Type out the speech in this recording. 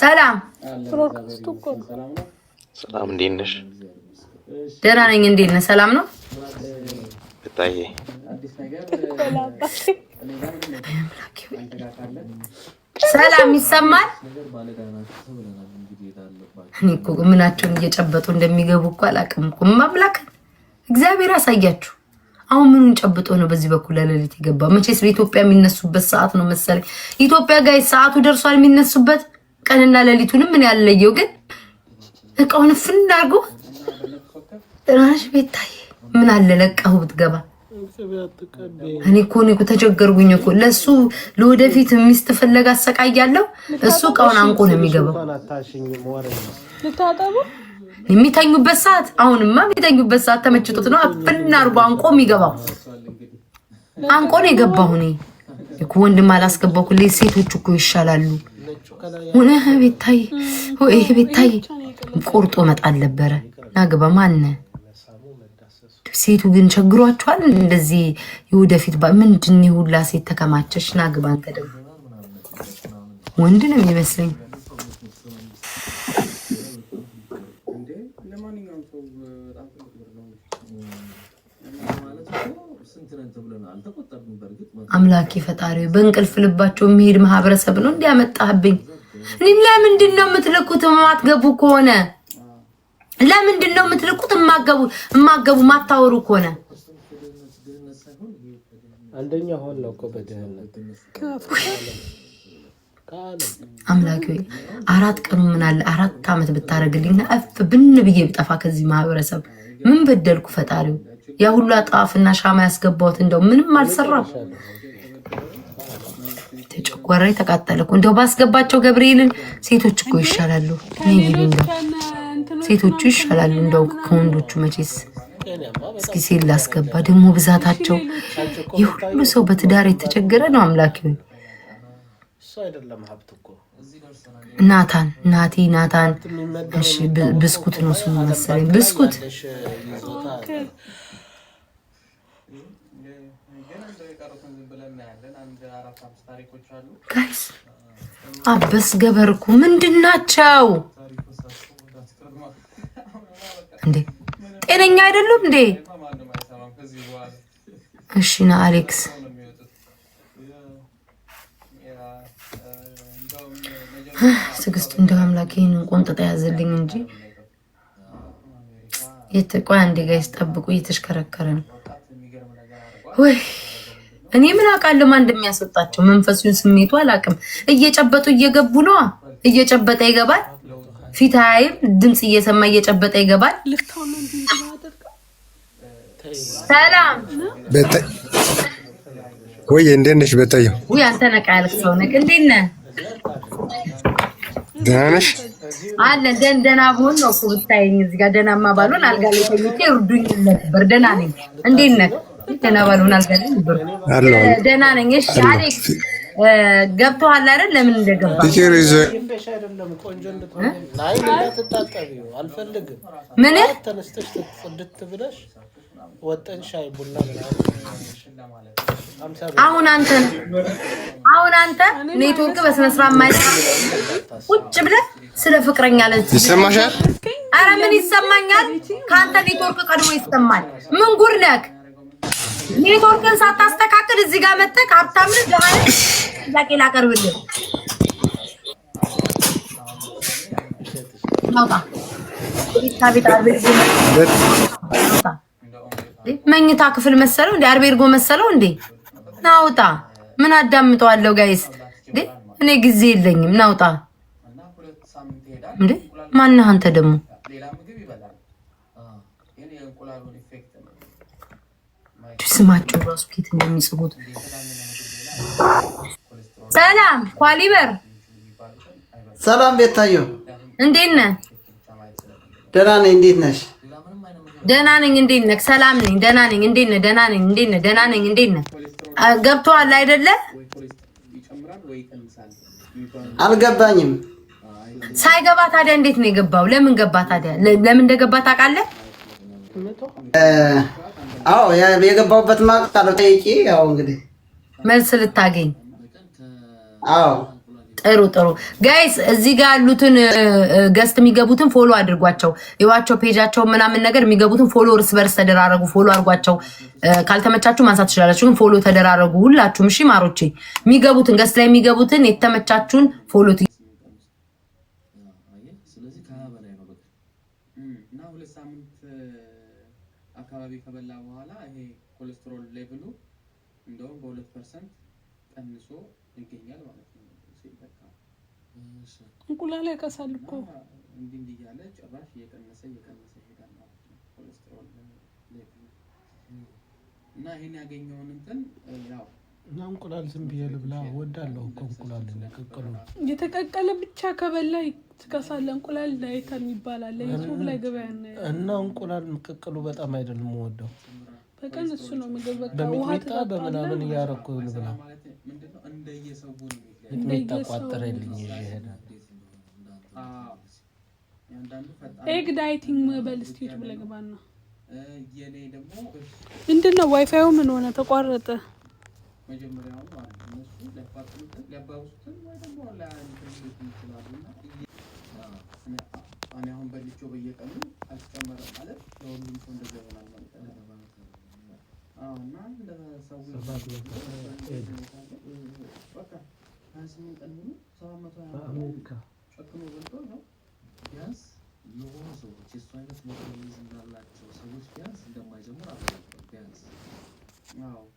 ሰላም ሰላም፣ እንዴት ነሽ? ደህና ነኝ። እንዴት ነህ? ሰላም ነው። ታዬ ሰላም ይሰማል። እኔ እኮ ምናቸውን እየጨበጡ እንደሚገቡ እኮ አላውቅም እኮ ማምላክ እግዚአብሔር ያሳያችሁ። አሁን ምኑን ጨብጦ ነው በዚህ በኩል ለሌሊት የገባ? መቼስ በኢትዮጵያ የሚነሱበት ሰዓት ነው መሰለኝ። ኢትዮጵያ ጋይ ሰዓቱ ደርሷል የሚነሱበት ቀንና ሌሊቱንም ምን ያለየው ግን እቃውን ፍና አድርጎ ጥናሽ ቤታዬ ምን አለ ለቃሁ ብትገባ። እኔ እኮ እኔ እኮ ተቸገርኩኝ እኮ ለሱ ለወደፊት ሚስት ፈለግ አሰቃያለሁ። እሱ እቃውን አንቆ ነው የሚገባው። የሚተኙበት ሰዓት አሁንማ የሚተኙበት ሰዓት ተመችቶት ነው ፍና አድርጎ አንቆ የሚገባው። አንቆ ነው የገባሁ እኔ እኮ ወንድም አላስገባሁ። ሴቶች እኮ ይሻላሉ። ቤታይ ይሄ ቤታይ ቆርጦ መጣል ነበረ። ናግባ ማነ ሴቱ ግን ቸግሯችኋል። እንደዚህ የወደፊት ምንድን ሁላ ሴት ተከማቸች። ናግባ ወንድ ነው የሚመስለኝ አምላኬ ፈጣሪ በእንቅልፍ ልባቸው የሚሄድ ማህበረሰብ ነው እንዲያመጣህብኝ። እኔም ለምንድን ነው የምትልኩት? ማትገቡ ከሆነ ለምንድን ነው የምትልኩት? ማገቡ ማገቡ ማታወሩ ከሆነ አንደኛ ሆን ነው እኮ አምላኪ ወይ አራት ቀኑ ምን አለ አራት ዓመት ብታደርግልኝና እፍ ብን ብዬ ብጠፋ ከዚህ ማህበረሰብ ምን በደልኩ ፈጣሪው? ያ ሁሉ አጣፍና ሻማ ያስገባሁት እንደው ምንም አልሰራም። ተጨጓራ የተቃጠለ እኮ እንደው ባስገባቸው ገብርኤልን። ሴቶች እኮ ይሻላሉ፣ ሴቶቹ ይሻላሉ እንደው ከወንዶቹ መቼስ። እስኪ ሴት ላስገባ ደግሞ ብዛታቸው። የሁሉ ሰው በትዳር የተቸገረ ነው። አምላክ ናታን ናቲ ናታን ብስኩት ነው ስሙ መሰለኝ ብስኩት ጋይስ አበስ ገበርኩ ምንድን ናቸው እንዴ? ጤነኛ አይደሉም እንዴ? እሺ ና አሌክስ ትዕግስቱ እንደው አምላክ ይህንን ቆንጥጣ ያዘልኝ እንጂ የት አንዴ ጋይስ ጠብቁ እየተሽከረከረ ነው ወይ እኔ ምን አውቃለሁ ማን እንደሚያስወጣቸው መንፈሱን ስሜቱ አላውቅም። እየጨበጡ እየገቡ ነዋ። እየጨበጠ ይገባል። ፊት አያይም። ድምፅ እየሰማ እየጨበጠ ይገባል። ሰላም ወይ እንዴት ነሽ? በታየው ወይ አንተ ነቃ ያልክ ሰው ነህ። እንዴት ነህ? ደህና ነሽ? አለ ደን ደህና ብሆን ነው እኮ ብታየኝ እዚህ ጋር ደህናማ ባልሆን አልጋ ላይ ተኝቼ እርዱኝ ነበር። ደህና ነኝ። እንዴት ነህ? ደህና ባልሆን ደህና ነኝ። እሺ አሌክስ አይደል? ለምን እንደገባ ምን አሁን አንተ አሁን አንተ ኔትወርክ በስነ ስርዓት የማይሰራ ቁጭ ብለህ ስለ ፍቅረኛ ለዚህ ይሰማሻል? ምን ይሰማኛል? ከአንተ ኔትወርክ ቀድሞ ይሰማል። ምን ጉድ ኔትወርክን ሳታስተካክል እዚህ ጋር መጠቅ ጥያቄ መኝታ ክፍል መሰለው እንዴ? አርቤርጎ መሰለው እንዴ? ናውጣ ምን አዳምጠዋለሁ? ጋይስ እኔ ጊዜ የለኝም። ናውጣ እንዴ! ማነህ አንተ ደግሞ? ስማቸው ራሱ ኬት እንደሚጽፉት ሰላም ኳሊበር ሰላም ቤታየሁ እንዴት ነህ? ደህና ነኝ። እንዴት ነሽ? ደህና ነኝ። እንዴት ነህ? ሰላም ነኝ። ደህና ነኝ። እንዴት ነህ? ደህና ነኝ። እንዴት ነህ? ደህና ነኝ። እንዴት ነህ? ገብቶሃል አይደለ? አልገባኝም። ሳይገባ ታዲያ እንዴት ነው የገባው? ለምን ገባ ታዲያ? ለምን እንደገባ ታውቃለህ? አዎ የገባሁበት ማቅ ጠይቂ። ያው እንግዲህ መልስ ልታገኝ። አዎ ጥሩ ጥሩ ጋይስ፣ እዚህ ጋር ያሉትን ገስት የሚገቡትን ፎሎ አድርጓቸው፣ ይዋቸው ፔጃቸው ምናምን ነገር የሚገቡትን ፎሎ እርስ በርስ ተደራረጉ፣ ፎሎ አድርጓቸው። ካልተመቻችሁ ማንሳት ትችላላችሁ፣ ግን ፎሎ ተደራረጉ ሁላችሁም። እሺ ማሮቼ፣ የሚገቡትን ገስት ላይ የሚገቡትን የተመቻችሁን ፎሎ ሳምንት አካባቢ ከበላ በኋላ ይሄ ኮሌስትሮል ሌቭሉ እንደውም በሁለት ፐርሰንት ቀንሶ ይገኛል ማለት ነው። ሲበቃ እንቁላል ያቀሳል እኮ እንዲህ እንዲህ እያለ ጭራሽ እየቀነሰ እየቀነሰ ይሄዳል ማለት ነው ኮሌስትሮል ሌቭሉ እና ይህን ያገኘውን እንትን ያው እና እንቁላል ዝም ብዬ ልብላ ወዳለሁ እኮ እንቁላል የተቀቀለ ብቻ ከበላ ስጋ እንቁላል ዳይታ የሚባላል አለ። ዩቱብ ላይ ገበያ እና እንቁላል ምቅቅሉ በጣም አይደለም የምወደው በቀን እሱ ነው ምግብ በቃ በሚጥሚጣ በምናምን እያረኩ ልብላ ሚጥሚጣ ቋጥሬልኝ ይሄድ ኤግ ዳይቲንግ መበል እስቲ ዩቱብ ላይ ነው ምንድን ነው ዋይፋዩ ምን ሆነ ተቋረጠ። መጀመሪያውኑ ወፍጮ በየቀኑ አልተጨመረም ማለት ለሁሉም ሰው እንደዛ ይሆናል ማለት ነው። እና ለሰው ሰው በቃ ስምንት ቀን ሙሉ ሰባት መቶ ጨክኖ በልቶ ነው ቢያንስ የሆኑ ሰዎች የእሱ አይነት ሞቶሊዝ ሰዎች ቢያንስ እንደማይጀምር አላቸው ቢያንስ